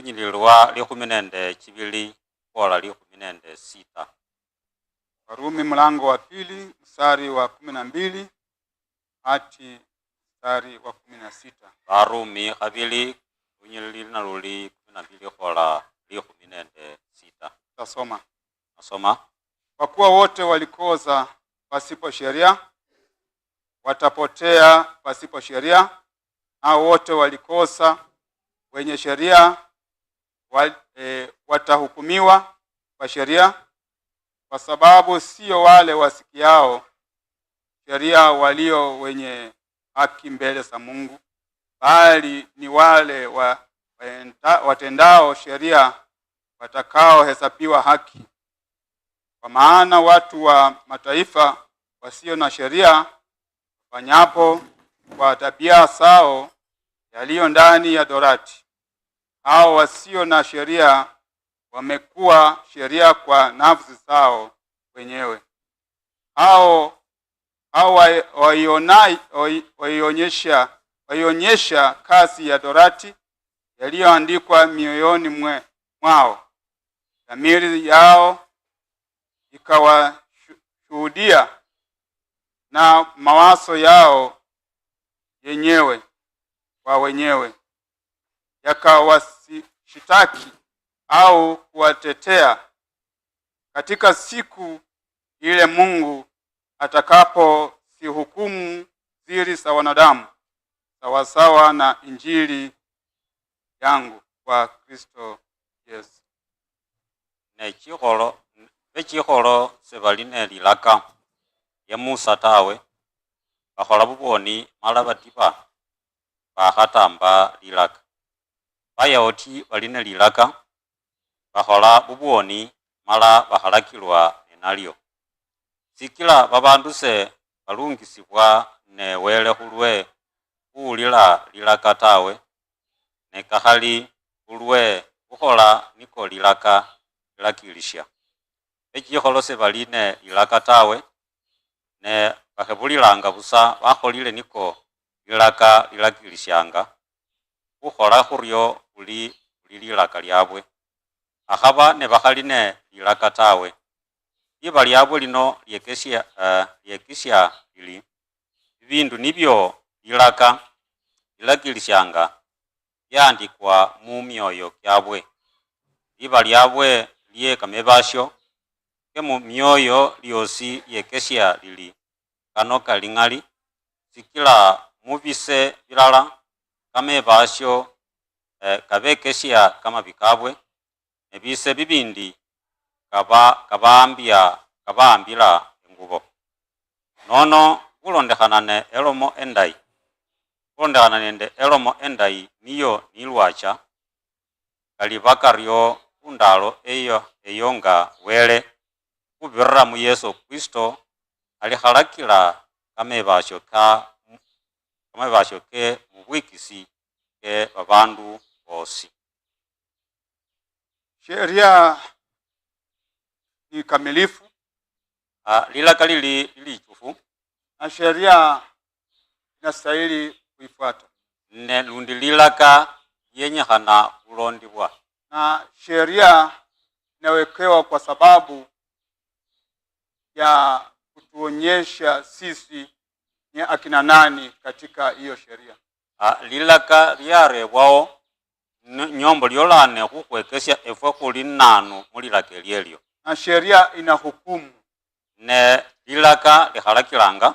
lunyililwa likhumi nende chibili bola likhumi nende sita warumi mlango wa pili mstari wa kumi na mbili hati mstari wa kumi na sita varumi khavili lunyilili na luli kumi na mbili khola likhumi nende sita tasoma nasoma kwa kuwa wote walikoza pasipo sheria watapotea pasipo sheria, nao wote walikosa wenye sheria wa, e, watahukumiwa kwa sheria, kwa sababu sio wale wasikiao sheria walio wenye haki mbele za Mungu, bali ni wale wa, watendao sheria watakaohesabiwa haki. Kwa maana watu wa mataifa wasio na sheria wafanyapo kwa tabia zao yaliyo ndani ya dorati hao wasio na sheria wamekuwa sheria kwa nafsi zao wenyewe, hao waionyesha kazi ya torati yaliyoandikwa mioyoni mwao, dhamiri yao ikawashuhudia na mawazo yao yenyewe kwa wenyewe yakawashitaki au kuwatetea katika siku ile Mungu atakaposihukumu siri za wanadamu sawasawa na Injili yangu kwa Kristo Yesu. nechikholo bechikholo sebali lilaka lya Musa tawe bakhola buboni mala batiba bakhatamba lilaka bayawoti bali nelilaka bakhola bubwoni mala bakhalakilwa nenalyo sikila babandu se balungisibwa newele khulwe khuwulila lilaka tawe nekakhali khulwe khukhola niko lilaka lilakilisha bechikholo se bali lilaka tawe ne bakhebulilanga busa bakholile niko lilaka lilakilishanga khukhola khuryo khuli khuli lilaka lyabwe akhaba nebakhali ne lilaka tawe liba lyabwe lino lyekesya uh, eh, lyekesya lili bibindu nibyo lilaka lilakilishanga byandikwa mumyoyo kyabwe liba lyabwe lyekamebasyo kemumyoyo lyosi lyekesya lili kano kalingali sikila mubise bilala kame basyo eh, kabekesya kama bikabwe nebise bibindi kaba kabambya kabambira engubo nono kulondekhanane elomo endayi kulondekhana nende elomo endayi niyo nilwacha kali bakaryo kundalo eyo eyo nga wele khubirira mu yesu kristo alikhalakila kamebasyo ka omwebasyoke ke mubwikisi ke babandu bosi sheria ni kamilifu ah, lilaka lili lilichufu na sheria inastahili kuifuata ne lundi lilaka yenyekhana kulondibwa na sheria inawekewa kwa sababu ya kutuonyesha sisi ni akina nani katika hiyo sheria? Ah, lilaka lyarebwao nyombo lyolane khukhwekesya efwe khuli nanu mulilaka lyelyo na sheria ina hukumu ne lilaka likhalakilanga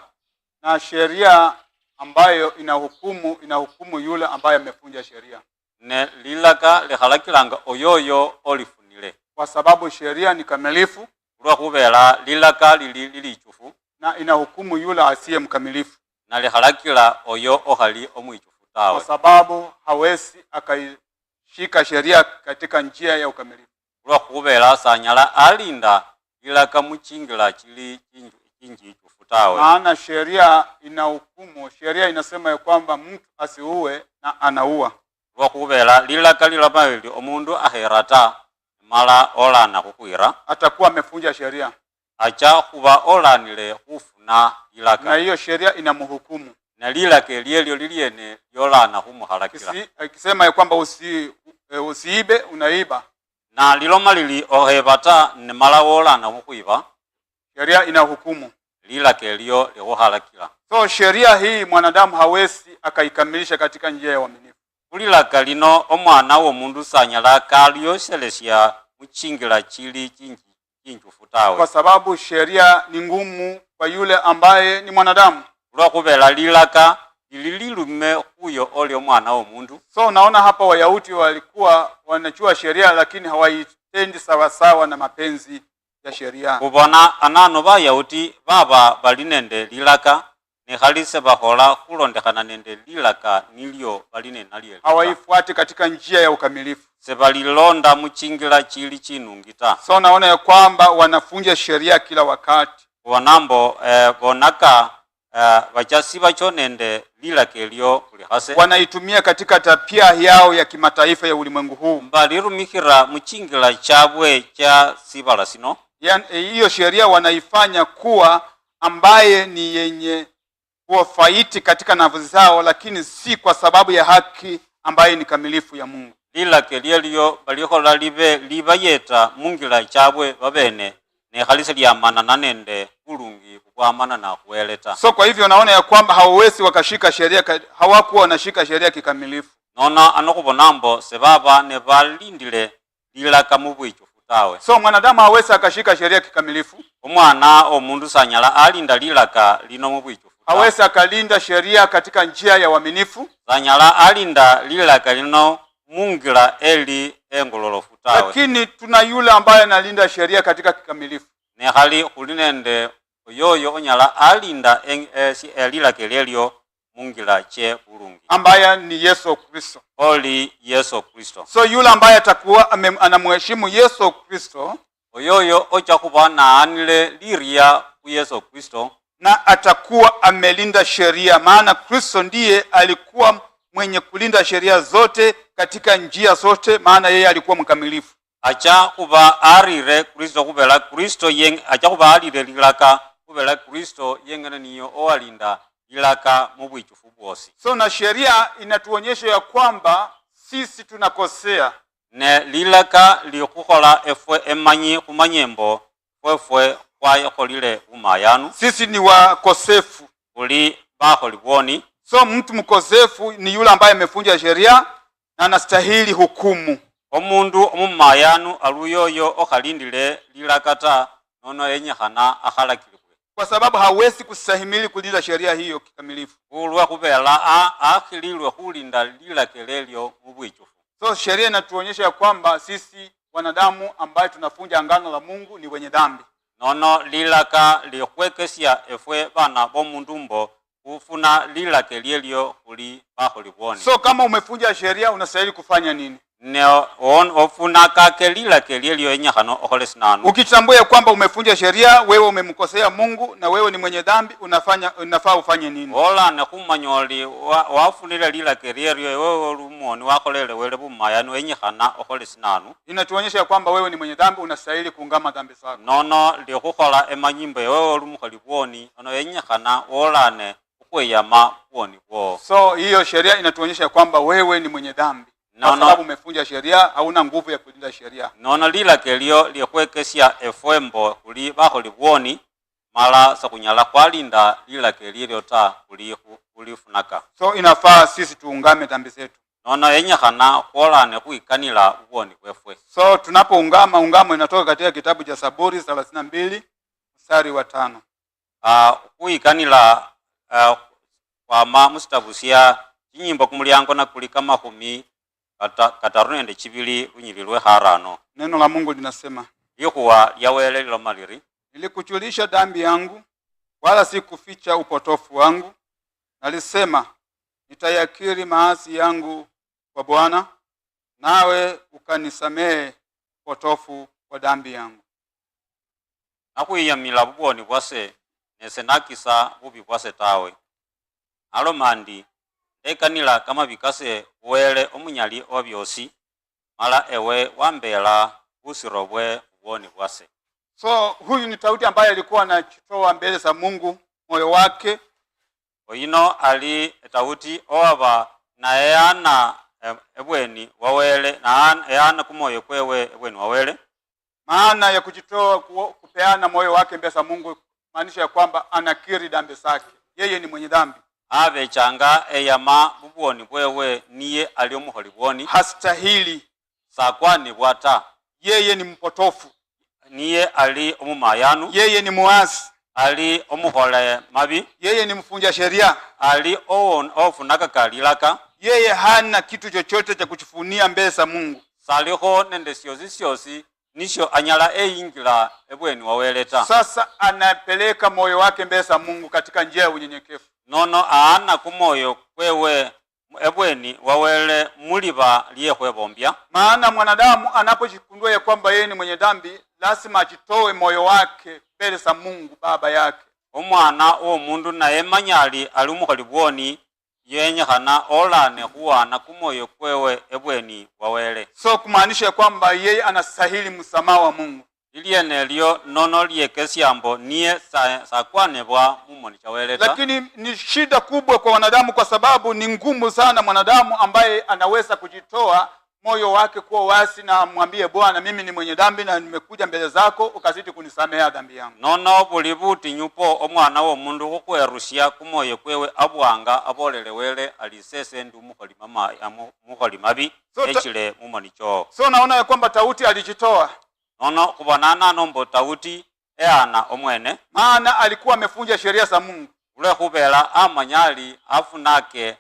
na sheria ambayo ina hukumu ina hukumu yule ambaye amefunja sheria ne lilaka likhalakilanga oyoyo olifunile kwa sababu sheria ni kamilifu lwakhubela lilaka lili lilichufu na inahukumu yule asiye mkamilifu nalihalakila oyo ohali omwichufu tawe kwa sababu hawezi akaishika sheria katika njia ya ukamilifu ulwakubela sanyala alinda ilaka muchingila chili chinjichufu ichufu tawe maana sheria inahukumu sheria inasema ya kwamba mtu asiuwe na anauwa lwakubela lilaka lila mawili omundu ahera ta mala olana kukwira atakuwa amefunja sheria acha akyahubaolanile hufuna lilaka na hiyo sheria inamhukumu na lilaka lyelyo lilyene lyolana humuhalakila akisema kwamba usi, e, usiibe unaiba na liloma lili ohebata nimala wolana huhwiba sheria inahukumu lilaka lio lihuhalakila so sheria hii mwanadamu hawesi akaikamilisha katika njia ya uaminifu hulilaka lino omwana womundu sanyala kalyoselesya muchingila chili chinji kwa sababu sheria ni ngumu kwa yule ambaye ni mwanadamu lwakubela lilaka lililume huyo olio mwana wo mundu so unaona hapa wayahudi walikuwa wanachua sheria lakini hawaitendi sawasawa na mapenzi ya sheria kubona anano bayahudi baba bali nende lilaka nikhali sebahola khulondekhana nende lilaka nilyo bali nenalyo hawaifuati katika njia ya ukamilifu sevalilonda muchinjila chili chinungita so naona ya kwamba wanafunja sheria kila wakati vonambo eh, vonaka eh, vachasi vachonende lilake kulihase wanaitumia katika tapia yao ya kimataifa ya ulimwengu huu valirumikhira muchinjila chabwe cha sivala sino eh, hiyo sheria wanaifanya kuwa ambaye ni yenye kuwa faiti katika nafsi zao, lakini si kwa sababu ya haki ambaye ni kamilifu ya Mungu lilake lyelyo balikhola libe libayeta mungila chabwe babene nekhalise lyamanana nende bulungi bukwamanana khuwele ta so kwa hivyo naona ya kwamba hawawesi wakashika sheria hawakuwa wanashika sheria kikamilifu nona anokhubonambo sebaba ne balindile lilaka mubwichufu tawe so mwanadamu hawezi akashika sheria kikamilifu umwana omundu sanyala alinda lilaka lino mubwichufu hawezi akalinda sheria katika njia ya waminifu sanyala alinda lilaka lino mungila eli engololofutawe lakini tuna yule ambaye analinda sheria katika kikamilifu nekhali khuli nende oyoyo onyala alinda esi e, elilake lelyo mungila che bulungi ambaye ni Yesu Kristo oli Yesu Kristo so yule ambaye atakuwa anamheshimu Yesu Kristo oyoyo ocha kuba naanile liria ku Yesu Kristo na atakuwa amelinda sheria maana Kristo ndiye alikuwa mwenye kulinda sheria zote katika njia zote, maana yeye alikuwa mkamilifu. acha kuva arire kristo kuvela kristo yeng acha kuva alire lilaka kuvela kristo yengene niyo owalinda lilaka mu bwichufu bwosi. So na sheria inatuonyesha ya kwamba sisi tunakosea ne lilaka likhukhola efwe emanyi khumanyembo fwefwe khwayekholile umayanu sisi ni wakosefu khuli bakholi bwoni. So mtu mkosefu ni yule ambaye amevunja sheria na nastahili hukumu omundu omumayanu aluyoyo okhalindile lilakata nono enyikhana akhalakilibwe kwa sababu hawesi kusahimili kulinda sheria hiyo kikamilifu ulwa khubela akhililwe khulinda lilakelo mubwichufu so sheria inatuonyesha ya kwamba sisi wanadamu ambaye tunafunja angano la mungu ni wenye dhambi nono lilaka likhwekesya efwe bana bomundu mbo ufuna lilake lyelyo huli baholibwoni so kama umefunja sheria unastahili kufanya nini ne on ofunakake lilake lyelyo enyakhano okhole sinanu ukichambua kwamba umefunja sheria wewe umemkosea mungu na wewe ni mwenye dhambi unafanya unafaa ufanye nini ola nekhumanya oli wafunile lilake lyelyo wewe lumoni wakolele wele bumayano enyikhana okhole sinanu inatuonyesha kwamba wewe ni mwenye dhambi unastahili kungama dhambi zako nono likhukhola emanyimbo wewe olumukholi bwoni ono enyikhana wolane So hiyo sheria inatuonyesha kwamba wewe ni mwenye dhambi kwa sababu umefunja sheria hauna nguvu ya kulinda sheria nono lila kelio efwembo kuli bakholi bwoni mala sakunyala kwalinda lila kelilyo ta kulifunaka so inafaa sisi tuungame dhambi zetu nono yenyekhana khwolane khwikanila bubwoni bwefwe so tunapoungama ungamo inatoka katika kitabu cha Zaburi na mbili mstari wa tano uh, ah, khwikanila uh, kwama musitavusiya chinyimbo kumulyango kuli kamahumi kataru nende chibili lunyili lwe harano neno la mungu linasema lihuwa lyawele liloma liri nilikujulisha yangu wala sikuficha upotofu wangu nalisema nitayakiri maasi yangu kwa bwana nawe ukanisamehe upotofu wa dambi yangu nakuiyamila bubwoni bwase nesenakisa hupipwasetawe tawe mandi ndekanila kamabikase wele omunyali obyosi mala ewe wambela busiro bwe uwoni bwase so huyu ni tauti ambaye alikuwa anachitoa mbele za Mungu moyo wake oyino ali Daudi owaba naeyana ebweni wawele na eyana kumoyo kwewe ebweni wawele maana ya kujitoa kupeana moyo wake mbele za Mungu maanisha ya kwamba anakiri dhambi zake, yeye ni mwenye dhambi. avechanga eyama bubwoni bwewe niye ali omuholi bwoni, hastahili sakwanibwa ta, yeye ni mpotofu, niye ali omumayanu, yeye ni muasi ali omukhole mabi, yeye ni mfunja sheria, ali ofunaka kalilaka yeye hana kitu chochote cha kuchifunia mbesa Mungu, saliho nende syosi syosi nisho anyala eyingila ebweni waweleta sasa anapeleka moyo wake mbele za Mungu katika njia ya unyenyekevu nono aana kumoyo kwewe ebweni wawele muliba lyekhwebombya maana mwanadamu anapojikundua ya kwamba yeye ni mwenye dhambi lazima ajitowe moyo wake mbele za Mungu baba yake omwana womundu mundu naye manyali ali umukholi bwoni yenyekhana olane khuwana kumoyo kwewe ebweni wawele so kumaanisha kwamba yeye anastahili msamaha wa mungu lilienelyo nono liekesyambo niye sakwanebwa mumoni chaweleta lakini ni shida kubwa kwa wanadamu kwa sababu ni ngumu sana mwanadamu ambaye anaweza kujitoa moyo wake kuwa wasi na amwambie Bwana, mimi ni mwenye dhambi na nimekuja mbele zako ukazidi kunisamea dhambi yangu nono buli butinyupo omwana womundu khukhwerusya kumoyo kwewe abwanga abolele wele alisese ndi mukholi mabi so, echile mumoni cho so naona kwamba Tauti alijitoa nono khubonana nombo Tauti eana omwene maana alikuwa amefunja sheria za Mungu amanya amanyali afunake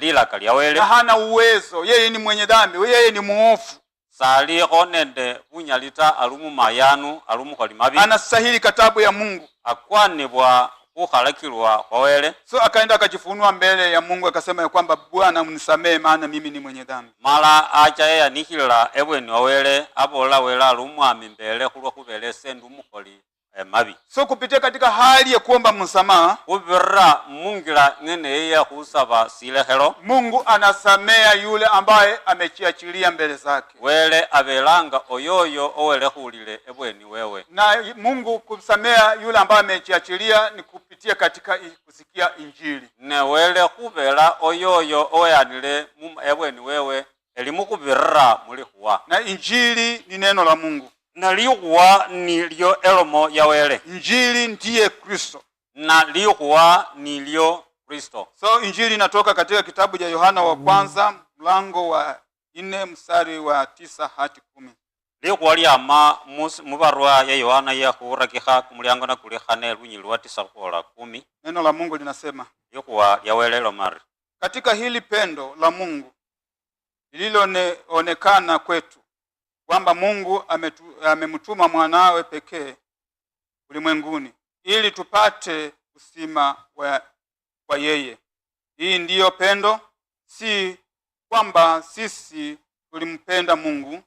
lilaka kali awele hana uwezo, yeye ni mwenye dhambi, yeye ni muofu salikho nende bunyalita ali mumayanu ali mukholi mabi anastahili katabu ya Mungu akwanibwa khukhalakilwa kwawele So akaenda akajifunua mbele ya Mungu akasema ya kwamba Bwana unisamee maana mimi ni mwenye dhambi. Mala acha eyanikhilila ebweni wawele wele abola wele ali umwami mbele khulwa khubele esendi mukoli Eh, mabi so kupitia katika hali ya kuomba msamaha ubirra mungira nene ya kusaba silehero Mungu anasamea yule ambaye amechiachilia mbele zake wele abelanga oyoyo owele hulile ebweni wewe na Mungu kusamea yule ambaye amechiachilia ni kupitia katika kusikia injili ne wele kubela oyoyo oyanile ebweni wewe elimukubirra mulihuwa na injili ni neno la Mungu na liwa nilyo elomo ya wele injili ndiye Kristo na liwa nilyo Kristo. So injili inatoka katika kitabu cha ja Yohana wa kwanza mlango wa nne msari wa tisa hati kumi liwa lyama mubarua ya Yohana yakuurakiha kumuliango nakulikhane lunyi lwa tisa khuola kumi neno la Mungu linasema liwa lyawele lomari katika hili pendo la Mungu lililoonekana kwetu kwamba Mungu amemtuma mwanawe pekee ulimwenguni ili tupate usima wa, wa yeye. Hii ndiyo pendo, si kwamba sisi tulimpenda Mungu,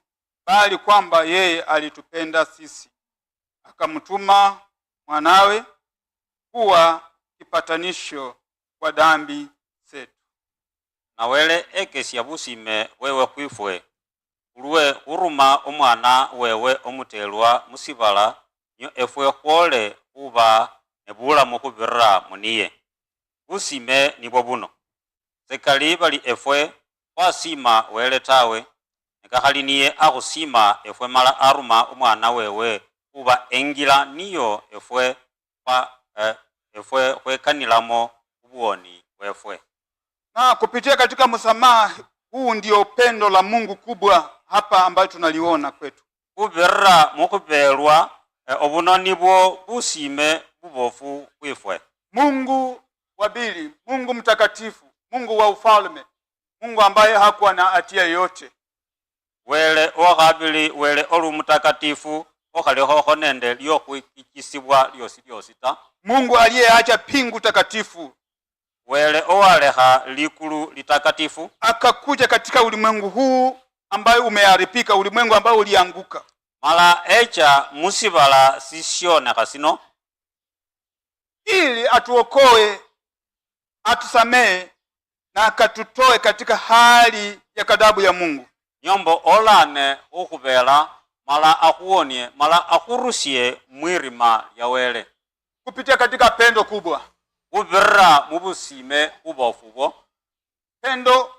bali kwamba yeye alitupenda sisi akamtuma mwanawe kuwa kipatanisho kwa dhambi zetu. nawele ekesya busime wewe kwifwe khuluwe khuruma omwana wewe omutelwa musibala nyo efwe khwole khuba nebulamu khubirira muniye busime nibwo buno sekali bali efwe khwasima wele tawe nekakhali niye akhusima efwe mala aruma omwana wewe khuba engila niyo efwe pa, eh, efwe khwekanilamo ubwoni wefwe na kupitia katika musamaha huu ndio pendo la Mungu kubwa hapa ambayo tunaliona kwetu. buberera mukubelwa eh, obunoni busime bubofu bwifwe. Mungu wa pili, Mungu mtakatifu, Mungu wa ufalme, Mungu ambaye hakuwa na atia yote wele okhabili wele oli mtakatifu okhalikhokho nende lyokhwikisibwa lyosi lyosi ta. Mungu aliyeacha pingu takatifu wele owaleha likulu litakatifu akakuja katika ulimwengu huu ambayo umeharibika, ulimwengu ambao ulianguka. mala echa musivala sisioneha sino ili atuokoe, atusamee na akatutoe katika hali ya kadhabu ya Mungu. nyombo olane ukhuvela mala akhuwonie mala akurusie mwirima ya wele kupitia katika pendo kubwa vubirra mubusime bubofu bwo pendo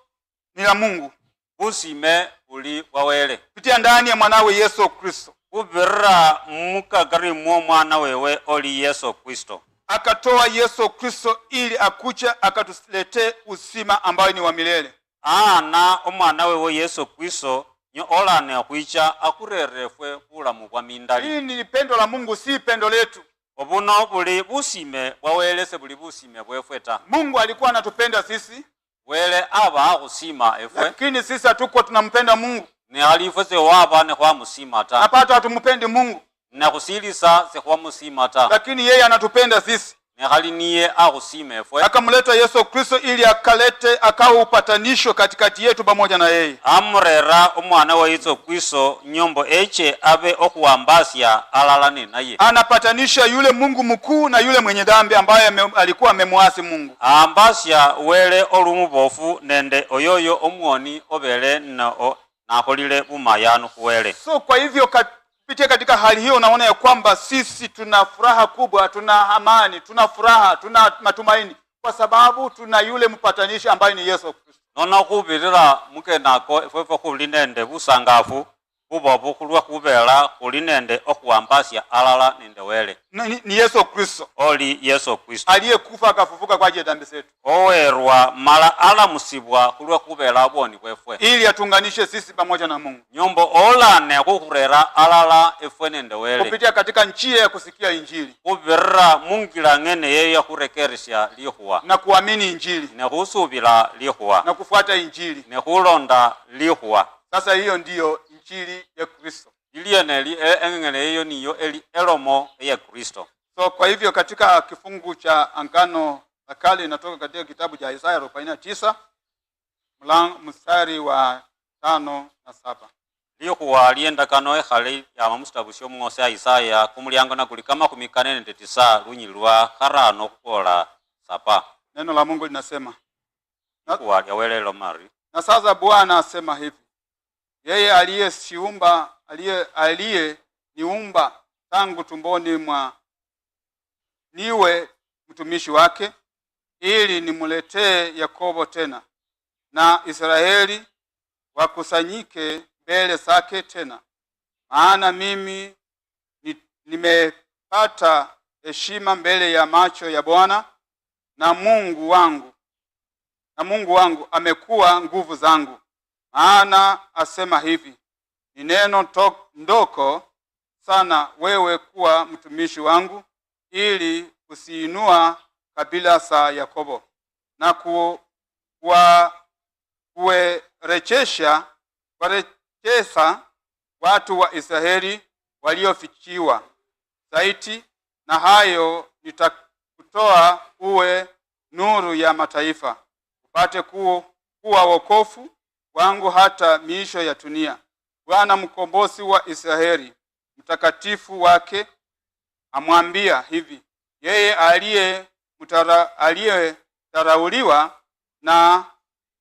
ni la Mungu busime buli wawele kupitia ndani ya mwanawe Yesu Kristo bubirra mukagari mwo mwana wewe oli Yesu Kristo akatoa Yesu Kristo ili akucha akatulete usima ambayo ni wa milele ana omwana wewe Yesu Kristo nyo olane kwicha akurerefwe bulamu bwa mindali ni pendo la Mungu si pendo letu obunao buli busime bwawelese buli busime bwefwe ta mungu alikuwa anatupenda sisi wele aba akhusima efwe lakini sisi hatuko tunampenda mungu nehali ifwe sewaba nehwamusima ta apato hatumupendi mungu nakusilisa sehwamusima ta lakini yeye anatupenda sisi nkhali niye akhusima efwe akamuleta yesu kristo ili akalete akawo upatanisho katikati yetu pamoja na yeye amurera omwana wa yesu kristo nyombo eche abe okhuwambasya alalane naye anapatanisha yule mungu mkuu na yule mwenye dhambi ambaye me, alikuwa amemwasi mungu aambasya wele olumubofu nende oyoyo omwoni obele nao nakholile bumayanu khuwele so kwa hivyo kat Pitia katika hali hiyo, unaona ya kwamba sisi tuna furaha kubwa, tuna amani, tuna furaha, tuna matumaini kwa sababu tuna yule mpatanishi ambaye ni Yesu Kristo. nona kubirira mukena ko efwefwe busangafu kuba obukulu kubeela kuli nende okuwambasya alala nende wele ni, ni yesu kristo oli yesu kristo aliye kufa kafufuka kwa ajili ya dhambi zetu owerwa mala alamusibwa kulwa kubeela bwoni bwefwe ili atunganishe sisi pamoja na mungu nyombo olane kukurera alala efwe nende wele kupitia katika njia ya kusikia injili kubirira mungila ng'ene yeyo yakurekeresya lihuwa na kuamini injili nekhusubila lihuwa na kufuata injili nekhulonda lihuwa sasa hiyo ndiyo injili ya Kristo. Iliyo neli hiyo niyo elomo ya Kristo. So kwa hivyo katika kifungu cha angano la Kale inatoka katika kitabu cha Isaya 49 mlango mstari wa tano na saba liyo kuwaliendakano ekhale yama musitabu syomuose a Isaya kumulyango na kama khumi kane nende tisa lunyi lwa kharano sapa. Neno la Mungu linasema na, na sasa Bwana asema hivi yeye aliye niumba tangu tumboni mwa niwe mtumishi wake, ili nimletee Yakobo tena na Israeli wakusanyike mbele zake tena, maana mimi nimepata heshima mbele ya macho ya Bwana na Mungu wangu, na Mungu wangu amekuwa nguvu zangu. Maana asema hivi, ni neno ndoko sana wewe kuwa mtumishi wangu, ili kusiinua kabila za Yakobo na ku, kwa watu wa Israeli waliofichiwa zaiti na hayo nitakutoa uwe nuru ya mataifa, upate kuwa wokofu wangu hata miisho ya dunia. Bwana mkombozi wa Israeli mtakatifu wake amwambia hivi, yeye aliye aliyedharauliwa na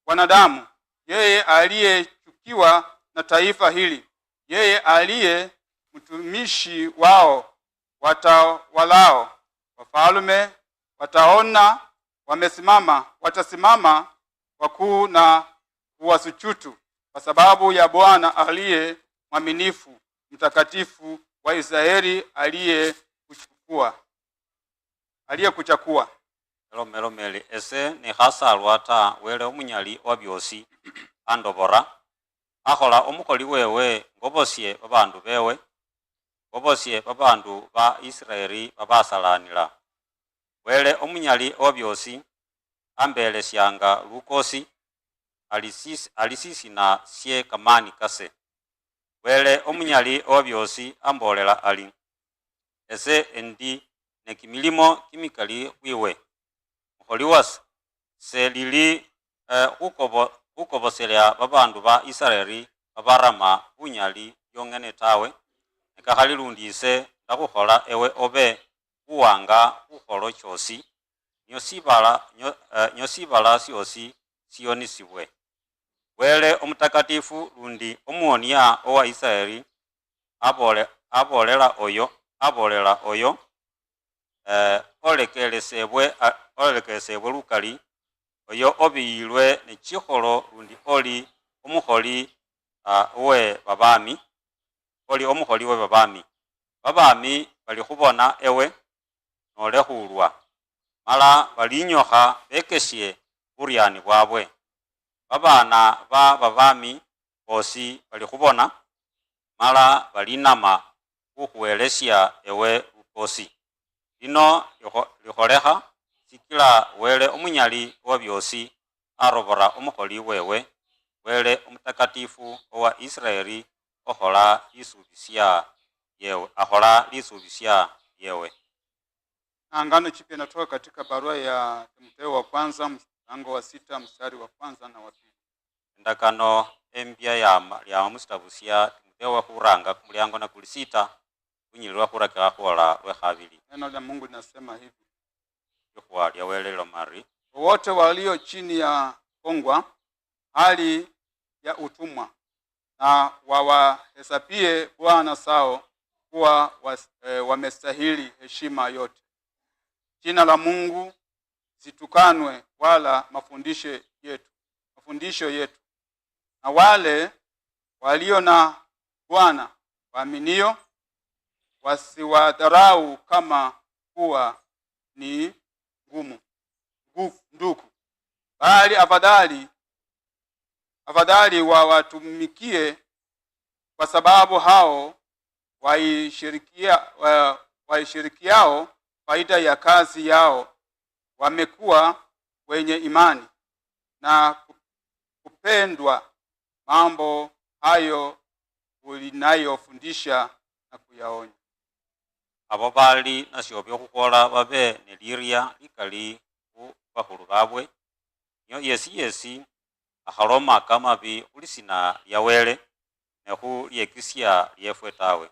wanadamu, yeye aliyechukiwa na taifa hili, yeye aliye mtumishi wao watawalao, wafalme wataona wamesimama, watasimama wakuu na kuwasujudu kwa sababu ya Bwana aliye mwaminifu, mtakatifu wa Israeli aliyekuchukua aliyekuchakua elomelomeli ese ni hasa ta wele omunyali wa byosi andobora akhola omukoli wewe ngobosye babandu bewe ngobosye babandu ba Israeli babasalanila wele omunyali wa byosi ambelesyanga lukosi alisisi, alisisi na sie kamani kase wele omunyali obyosi ambolela ali ese endi nekimilimo kimikali wiwe muholi wase selili eh, hukobo, babandu ba isiraeli babarama bunyali yongene tawe se ndakhukhola ewe obe khuwanga khukholo chosi nyo sibala, nyo, eh, nyo sibala syosi siyonisibwe wele omutakatifu lundi omuonia owa isiraeli abole, abolela oyo abolela oyo eh, olekelesebwe olekelesebwe lukali oyo obiyilwe nechikholo lundi oli omukholi uh, we babami oli omukholi we babami babami bali khubona ewe nolekhulwa mala balinyokha bekesye buryani bwabwe babana ba babami bosi bali khubona mala balinama khukhuwelesya ewe lukosi lino likholekha sikila wele omunyali wa byosi arobora omukholi wewe wele omutakatifu owa isirayeli okhola lisubisya yewe akhola lisubisya yewe angano jipya inatoka katika barua ya timotheo wa kwanza mlango wa sita mstari wa kwanza na wa pili endakano ya ya mustavusia timotheo wakhuranga kumuliango na kuli sita kunyili kola we lwekhavili neno la mungu linasema hivi lyokhwa lyawelelo mari wote walio chini ya kongwa hali ya utumwa na wawahesabie bwana sao kuwa eh, wamestahili heshima yote jina la mungu zitukanwe wala mafundisho yetu, mafundisho yetu. Na wale walio na Bwana waaminio wasiwadharau kama kuwa ni ngumu nduku, bali afadhali afadhali wawatumikie, kwa sababu hao waishirikiao faida ya kazi yao wamekuwa wenye imani na kupendwa mambo hayo ulinayofundisha na kuyaonya abo bali nasyo byokhukola babe nelirya likali khubakhulu babwe nio yesi yesi akhaloma kamabi khulisina lyawele nekhulyekisya lyefwe tawe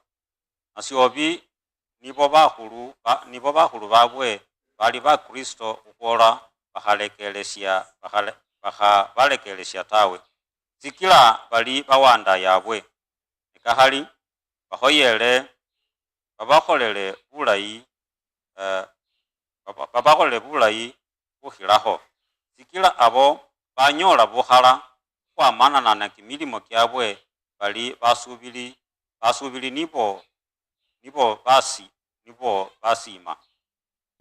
nasyobi nibo bakhulu ba, nibo bakhulu babwe bali bakristo khukhwola bakhalekelesya bakhabalekelesya tawe sikila bali bawanda yabwe nekakhali bakhoyele babakholele bulayi uh, eh, babakholele bulayi khukhilakho sikila abo banyola bukhala khwamanana na kimilimo kyabwe bali basubili basubili nibo nibo basi nibo basima